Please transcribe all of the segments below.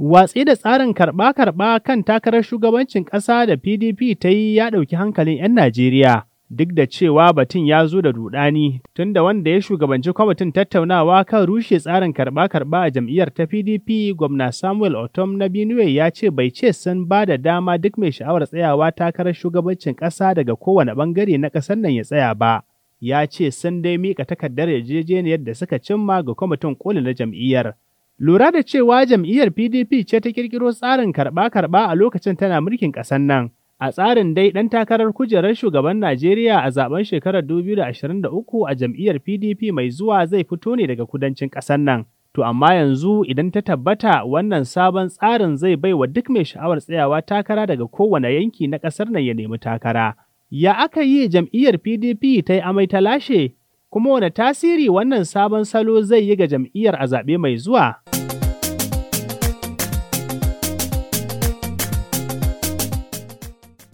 Watsi da tsarin karɓa-karɓa kan takarar shugabancin ƙasa da PDP ta yi ya ɗauki hankalin 'yan Najeriya, duk da cewa batun ya zo da rudani tunda wanda ya shugabanci kwamitin tattaunawa kan rushe tsarin karɓa-karɓa a jam'iyyar ta PDP, gwamna Samuel Otom na Benue ya ce bai ce sun ba da dama duk mai sha'awar tsayawa takarar shugabancin ƙasa daga kowane bangare na ƙasar nan ya tsaya ba. Ya ce sun dai miƙa takardar yarjejeniyar da suka cimma ga kwamitin ƙoli na jam'iyyar. Lura da cewa jam'iyyar PDP ce ta kirkiro tsarin karɓa-karɓa a lokacin tana mulkin ƙasar nan, a tsarin dai ɗan takarar kujerar shugaban Najeriya a zaben shekarar 2023 a jam'iyyar PDP mai zuwa zai fito ne daga kudancin ƙasar nan. To amma yanzu idan ta tabbata wannan sabon tsarin zai bai wa duk mai sha'awar tsayawa takara daga kowane yanki na ƙasar nan ya nemi takara. Ya aka yi jam'iyyar PDP ta yi amai ta lashe? Kuma wane tasiri wannan sabon salo zai yi ga jam'iyyar a zaɓe mai zuwa?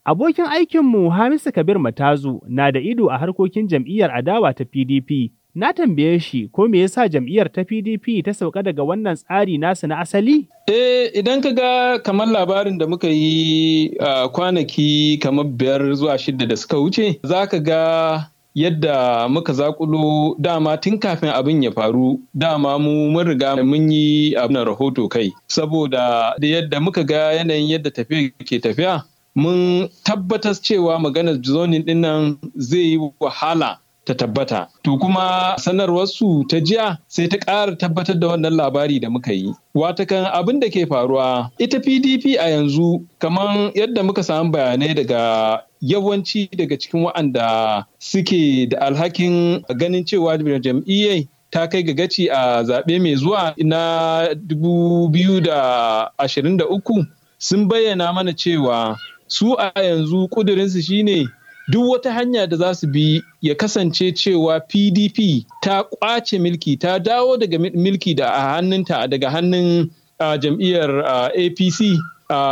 Abokin aikinmu Hamisu Kabir Matazu na da ido a harkokin jam'iyyar adawa ta PDP. Na tambaye shi ko me yasa jam'iyyar ta PDP ta sauka daga wannan tsari nasu na asali? Eh idan ka ga kamar labarin da muka yi uh, kwanaki kamar biyar zuwa shida da suka wuce, za ka ga yadda muka zakulo dama tun kafin abin ya faru dama mu mun riga mun yi abin rahoto kai saboda da yadda muka ga yanayin yadda tafiya ke tafiya mun tabbatar cewa maganar zonin dinnan zai yi wahala ta tabbata. To kuma sanarwarsu ta jiya sai ta ƙara tabbatar da wannan labari da muka yi. Watakan abin da ke faruwa ita PDP a yanzu kamar yadda muka samu bayanai daga yawanci daga cikin wa'anda suke da alhakin ganin cewa jam'iyyai ta kai ga gaci a zaɓe mai zuwa na 2023 sun bayyana mana cewa su a yanzu ƙudurinsu shine duk wata hanya da za su bi ya kasance cewa pdp ta ƙwace milki ta dawo daga milki da a hannunta daga hannun jam'iyyar apc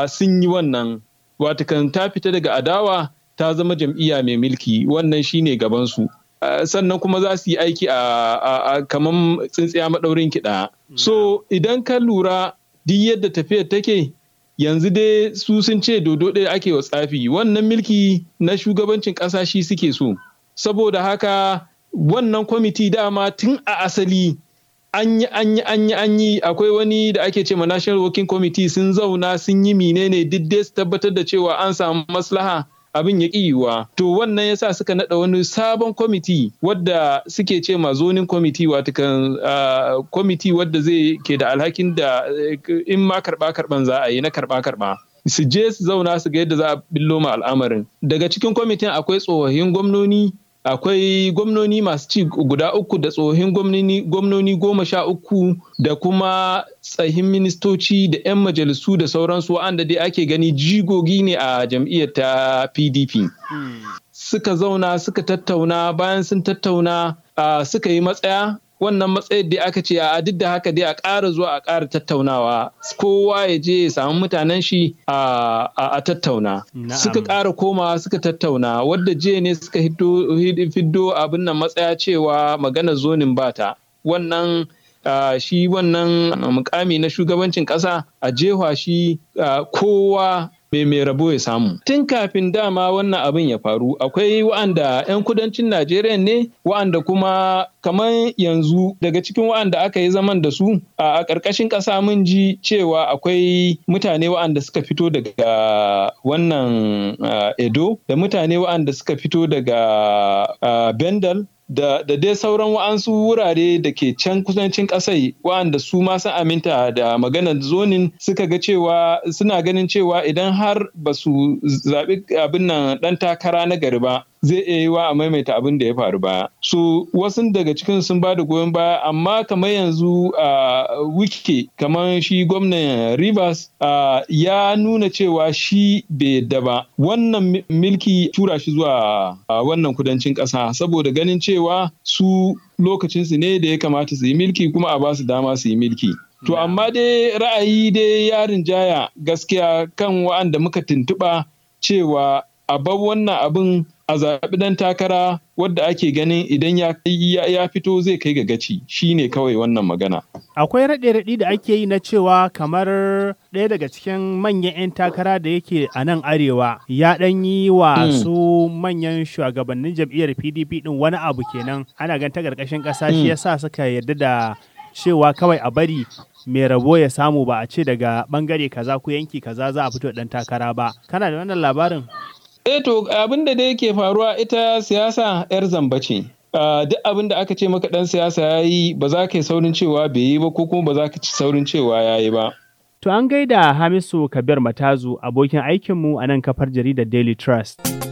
sun yi wannan watakan ta fita daga adawa ta zama jam'iyya mai milki wannan shine gabansu sannan kuma za su yi aiki a kamar tsintsiya maɗaurin kiɗa so idan ka lura duk yadda tafiyar take yanzu dai su sun ce dodo ɗaya ake wa tsafi wannan milki na shugabancin ƙasa suke so saboda haka wannan kwamiti dama tun a asali an anyi, anyi, yi akwai wani da ake ce ma national working committee sun zauna sun yi menene duk su tabbatar da cewa an samu maslaha abin ya yiwuwa to wannan yasa suka naɗa wani sabon kwamiti wadda suke ce ma zonin kwamiti kan kwamiti wadda zai ke da alhakin da eh, in ma karɓa karban za a yi na karba karba su je su zauna su ga yadda za a billo ma al'amarin daga cikin kwamitin akwai tsofaffin gwamnoni akwai gwamnoni masu ci guda uku da tsohin gwamnoni goma sha uku da kuma tsahin ministoci da 'yan majalisu da sauransu wa'anda dai ake gani jigogi ne a jam'iyyar ta pdp hmm. suka zauna suka tattauna bayan sun tattauna ah, suka yi matsaya wannan matsayin da aka ce a duk da haka dai a ƙara zuwa a ƙara tattaunawa kowa ya je ya samu mutanen shi a tattauna suka ƙara komawa suka tattauna wadda jiya ne suka fiddo abin nan matsaya cewa magana zonin bata wannan shi wannan um, mukami na shugabancin ƙasa a jefa shi kowa me mai rabo ya samu. Tun kafin dama wannan abin ya faru akwai wa'anda 'yan kudancin Najeriya ne wa'anda kuma kamar yanzu daga cikin wa'anda aka yi zaman da su a ƙarƙashin ƙasa mun ji cewa akwai mutane wa'anda suka fito daga wannan Edo da mutane wa'anda suka fito daga Bendal da, da dai sauran wa'ansu wurare da ke can kusancin ƙasai wa'anda su ma sun aminta da maganar zonin suka ga cewa suna ganin cewa idan har ba su zaɓi abin nan ɗan takara na gari ba zai iya yiwa a maimaita abin da ya faru baya. So wasu daga cikin sun ba da goyon baya amma kamar yanzu a wike kamar shi gwamnan Rivers ya nuna cewa shi bai da ba wannan milki tura shi zuwa wannan kudancin ƙasa saboda ganin cewa su lokacinsu ne da ya kamata su yi milki kuma a basu dama su yi milki. To amma dai ra'ayi dai ya rinjaya gaskiya kan wa'anda muka tuntuɓa cewa a bar wannan abin a zaɓi ɗan takara wadda ake ganin idan ya, fito zai kai ga gaci shine kawai wannan magana. Akwai raɗe-raɗi da ake yi na cewa kamar ɗaya daga cikin manyan 'yan takara da yake a nan arewa ya ɗan yi wa hmm. su manyan shugabannin jam'iyyar PDP ɗin wani abu kenan ana ganta ƙarƙashin ƙasa shi hmm. yasa suka yarda da cewa kawai a bari mai rabo ya samu ba a ce daga ɓangare kaza ko yanki kaza za a fito ɗan takara ba kana da wannan labarin Eh to abin da dai ke faruwa ita siyasa 'yar zamba ce. Ah, duk abin da aka ce maka ɗan siyasa ya yi ba za ka yi saurin cewa bai yi ba ko kuma ba za ka ci saurin cewa ya yi ba. To an gaida Hamisu Kabir Matazu abokin aikinmu a nan kafar jaridar Daily Trust.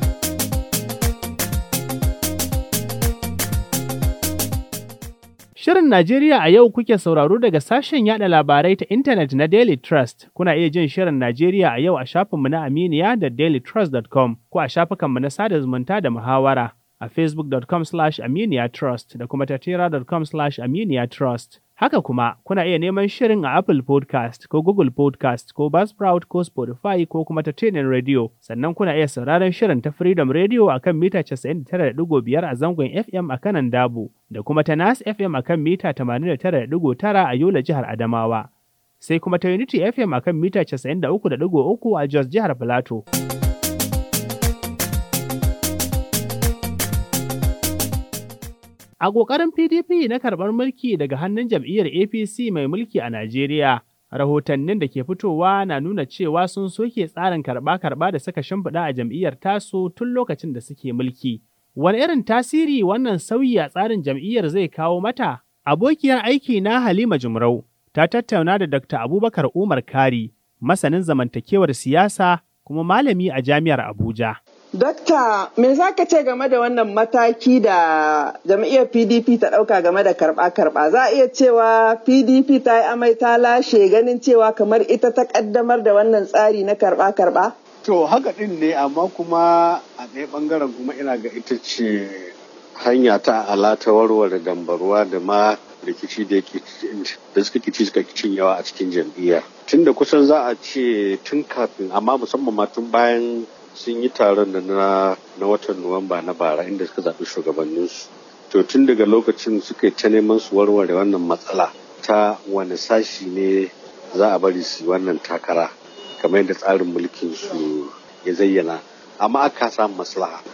Shirin Najeriya a yau kuke sauraro daga sashen yada labarai ta intanet na Daily Trust. Kuna iya jin Shirin Najeriya a yau a shafinmu na Aminiya da dailytrust.com ko a shafukanmu na sada zumunta da muhawara a facebook.com slash aminiya trust da kuma tatira.com slash aminiya trust. Haka kuma kuna iya neman shirin a Apple podcast ko Google podcast ko Buzzsprout ko Spotify ko kuma ta Tunin Radio. Sannan kuna iya sauraron shirin ta Freedom Radio a kan mita 99.5 a zangon FM a kanan Dabo da kuma ta Nas FM a kan mita 89.9 a Yola jihar Adamawa. Sai kuma ta Unity FM a kan mita 93.3 a Jos jihar Plateau. A ƙoƙarin PDP na karɓar mulki daga hannun jam'iyyar APC mai mulki a Najeriya, rahotannin da ke fitowa na nuna cewa sun soke tsarin karɓa-karɓa da suka shimfiɗa a jam'iyyar tasu tun lokacin da suke mulki. Wani irin tasiri wannan sauyi a tsarin jam'iyyar zai kawo mata? Abokiyar aiki na Halima Jumrau ta tattauna da Dr. Abubakar Umar Kari, masanin zamantakewar siyasa kuma malami a Jami'ar Abuja. Dokta, me za ka ce game da wannan mataki da jam'iyyar PDP ta ɗauka game da karɓa-karɓa? Za a iya cewa PDP ta yi amai ta lashe ganin cewa kamar ita ta ƙaddamar da wannan tsari na karɓa-karɓa? To, haka ɗin ne, amma kuma a ɗaya ɓangaren kuma ina ga ita ce hanya ta alata warware dambaruwa da ma rikici da suka kici suka yawa a cikin Tun da kusan za a ce tun kafin, amma musamman ma tun bayan sun yi taron da na na watan nuwamba na bara inda suka zaɓi shugabanninsu to tun daga lokacin suka ta neman su warware wannan matsala ta wani sashi ne za a bari su wannan takara kamar yadda tsarin mulkin su ya zayyana amma aka samu maslaha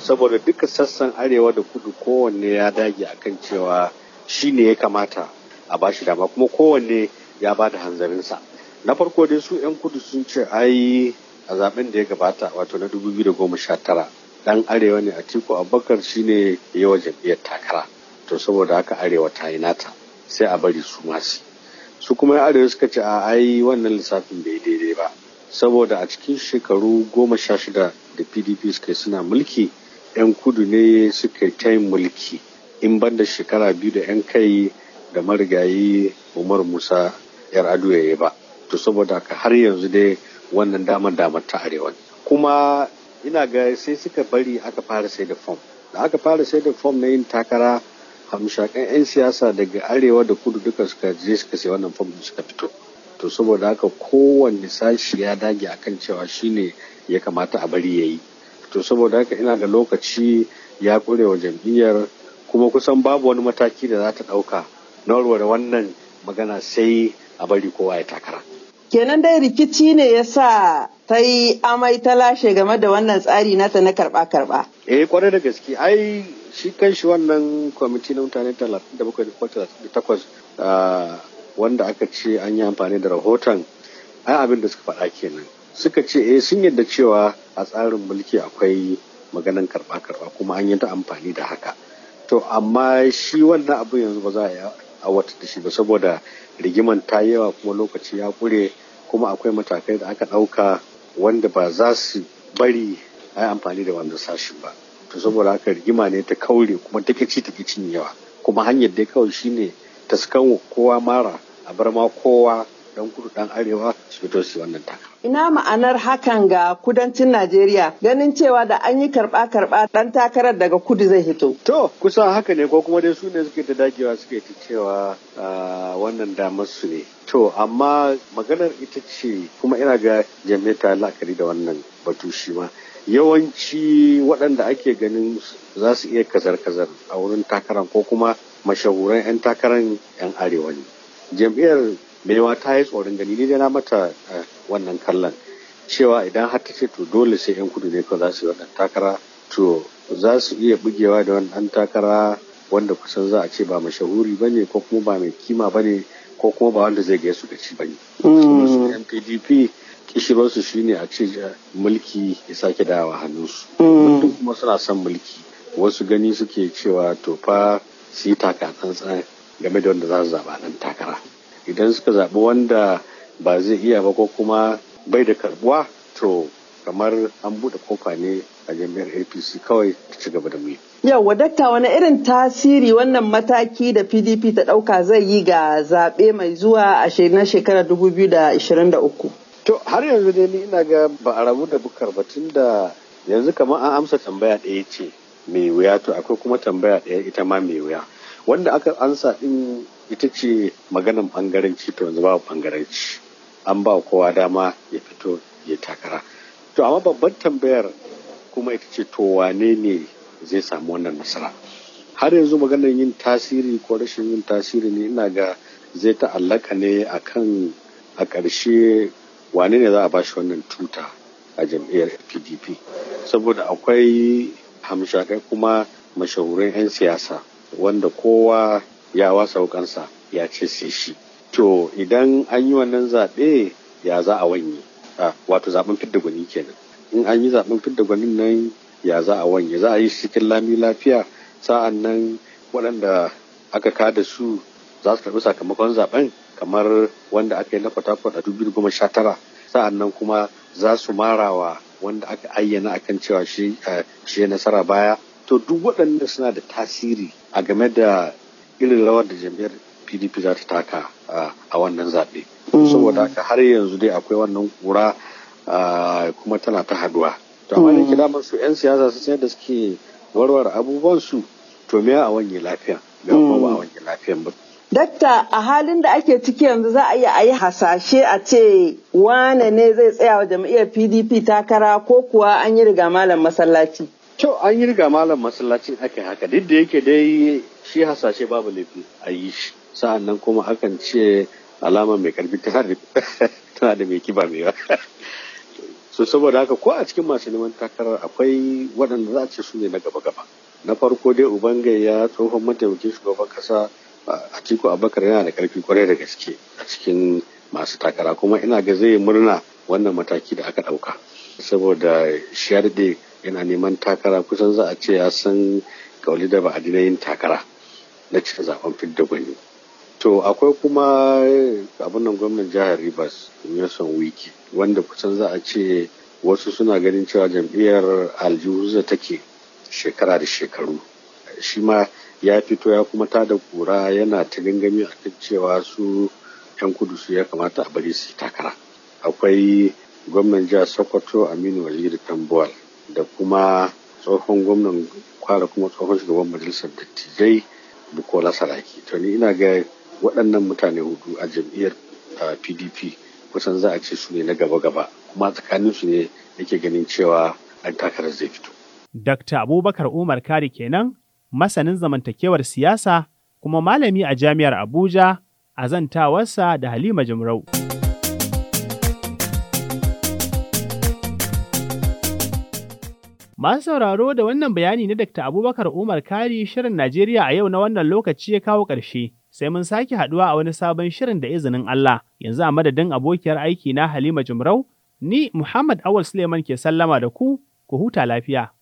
saboda duka sassan arewa da kudu kowanne ya dage akan cewa shi ne ya kamata a bashi dama kuma kowanne ya ba da hanzarinsa na farko dai su 'yan kudu sun ce ai a zaben da ya gabata wato na 2019 dan arewa ne a Atiku Abubakar shine yawa jam'iyyar takara to saboda haka arewa ta yi nata sai a bari su masu su kuma arewa suka ce a ai wannan lissafin bai daidai ba saboda a cikin shekaru goma sha shida da pdp suka suna mulki 'yan kudu ne suka ta yin mulki in ban da shekara biyu da 'yan kai da marigayi umar musa yar ado ya ba to saboda haka har yanzu dai wannan damar damar ta arewa kuma ina ga sai suka bari aka fara sai da fom da aka fara sai da fom na yin takara hamshakan 'yan siyasa daga arewa da kudu duka suka je suka sai wannan fom suka fito to saboda haka kowanne sashi ya dage a kan cewa shine ya kamata a bari ya yi to saboda haka ina da lokaci ya kure wa jam'iyyar kuma kusan babu wani mataki da za ta ɗauka na warware wannan magana sai a bari kowa ya takara. Kenan dai rikici ne ya sa ta yi amai ta lashe game da wannan tsari nata na karba karba. Eh kwarai da gaske ai shi kan shi wannan kwamiti na mutane da bakwai da takwas ah, wanda aka ce an yi amfani da rahoton ai abin da suka faɗa kenan suka ce eh sun yadda cewa a tsarin mulki akwai maganan karba-karba kuma an yi ta amfani da haka to amma shi wannan abin yanzu ba za a a da shi ba saboda rigiman ta yawa kuma lokaci ya kure kuma akwai matakai da aka ɗauka wanda ba za su bari a yi amfani da wannan sashi ba to saboda haka rigima ne ta kaure kuma ta kici ta kicin yawa kuma hanyar ya kawai shine ta kowa mara a bar ma kowa dan kudu dan arewa su fito su wannan takara. Ina ma'anar hakan ga kudancin Najeriya ganin cewa da an yi karɓa karɓa dan takarar daga kudu zai hito. To kusa haka ne ko kuma dai su ne suke ta dagewa suke ta cewa ah, wannan damar su ne. To amma maganar ita ce kuma ina ga jami'a ta la'akari da wannan batu shi ma. Yawanci waɗanda ake ganin za su iya kazar-kazar a wurin takaran ko kuma mashahuran 'yan takaran 'yan arewa ne. Jam'iyyar maiwa ta yi tsoron gani ne na mata eh, wannan kallon cewa idan har ta ce to dole sai yan kudu ne kawai za su yi wannan takara to za su iya bugewa da wannan takara wanda kusan za a ce ba mashahuri ba ne ko kuma ba mai kima ba ne ko kuma ba wanda zai gaya su da ci ba ne. Mm. NPDP kishirarsu shi ne a ce eh, mulki ya sake dawa hannunsu. Mm. Mutum kuma suna son mulki wasu gani suke cewa to fa su yi takatsantsan game da wanda za su zaɓa nan takara. idan suka zaɓi wanda ba zai iya ba ko kuma bai da karbuwa to kamar an buɗe kofa ne a jami'ar apc kawai ta ci gaba da muyi yawa dakta wani irin tasiri wannan mataki da pdp ta ɗauka zai yi ga zaɓe mai zuwa a na shekarar uku. to har yanzu dai ni ina ga ba a rabu da bukar ba tun da yanzu kamar an amsa tambaya ɗaya ce mai wuya to akwai kuma tambaya ɗaya ita ma mai wuya wanda aka ansa din ita ce maganan bangaranci to yanzu babu bangaranci an ba kowa dama ya fito ya takara to amma babban tambayar kuma ita ce to wane ne zai samu wannan nasara har yanzu maganar yin tasiri ko rashin yin tasiri ne ina ga zai ta'allaka ne kan a ƙarshe wane ne za a ba shi wannan tuta a jam'iyyar pdp saboda akwai hamshakai kuma mashahuran 'yan siyasa wanda kowa ya wasa wukansa ya ce sai shi to idan an yi wannan zaɓe ya za a wanye ah, wato zaɓen fidda gwani kenan in an yi zaɓen fidda gwanin nan ya za a wanye za a yi cikin lami lafiya sa'an nan waɗanda aka kada su za su karɓi sakamakon zaɓen kamar wanda aka yi na fatakwal a dubu goma sha tara sa'an nan kuma za su marawa wanda aka ayyana akan cewa shi eh, shi nasara baya to duk waɗanda suna da tasiri a game da irin rawar da jam'iyyar pdp za ta taka a wannan zaɓe mm. saboda haka har yanzu dai akwai wannan kura kuma tana ta haduwa to amma ne kila mm. su 'yan siyasa su da suke warware abubuwan su to me a wanye lafiya me kuma ba a mm. wanye lafiya ba Dakta a halin da ake ciki yanzu za a iya a yi hasashe a ce wane ne zai tsaya wa jam'iyyar PDP takara ko kuwa an yi riga malam masallaci. kyau an yi riga malam masallacin aka haka duk da yake dai shi hasashe babu laifi a yi shi. Sa'an nan kuma akan ce alama mai karfi tana da mai kiba mai So saboda haka ko a cikin masu neman takarar akwai waɗanda za a ce su ne na gaba-gaba. Na farko dai ubanga ya tsohon mataimakin shugaban kasa ƙasa ciko Abakar yana da karfi kwarai da gaske a cikin masu takara kuma ina ga zai murna wannan mataki da aka ɗauka. Saboda shi yana neman takara kusan za a ce ya san gauli da ba a yin takara na cikin zaben fidda gwani to akwai kuma abin nan gwamnan jihar rivers Nelson wiki wanda kusan za a ce wasu suna ganin cewa jam'iyyar aljihuza take shekara da shekaru shi ma ya fito ya kuma ta da kura yana ta gangami a kan cewa su 'yan kudu su ya kamata a bari su takara akwai gwamnan jihar sokoto aminu waziri tambuwal da kuma tsohon gwamnan kwara kuma tsohon shugaban majalisar dattijai bukola saraki to ni ina ga waɗannan mutane hudu a jam'iyyar pdp kusan za a ce su ne na gaba-gaba kuma tsakanin su ne yake ganin cewa an takarar zai fito. Dr. Abubakar Umar Kari kenan masanin zamantakewar siyasa kuma malami a jami'ar Abuja a zantawarsa da Halima Jimrau. Masu sauraro da wannan bayani na Dr. Abubakar Umar Kari shirin Najeriya a yau na wannan lokaci ya kawo ƙarshe. Sai mun sake haɗuwa a wani sabon shirin da izinin Allah. Yanzu a madadin abokiyar aiki na Halima Jumrau, ni Muhammad Awal Suleiman ke sallama da ku, ku huta lafiya.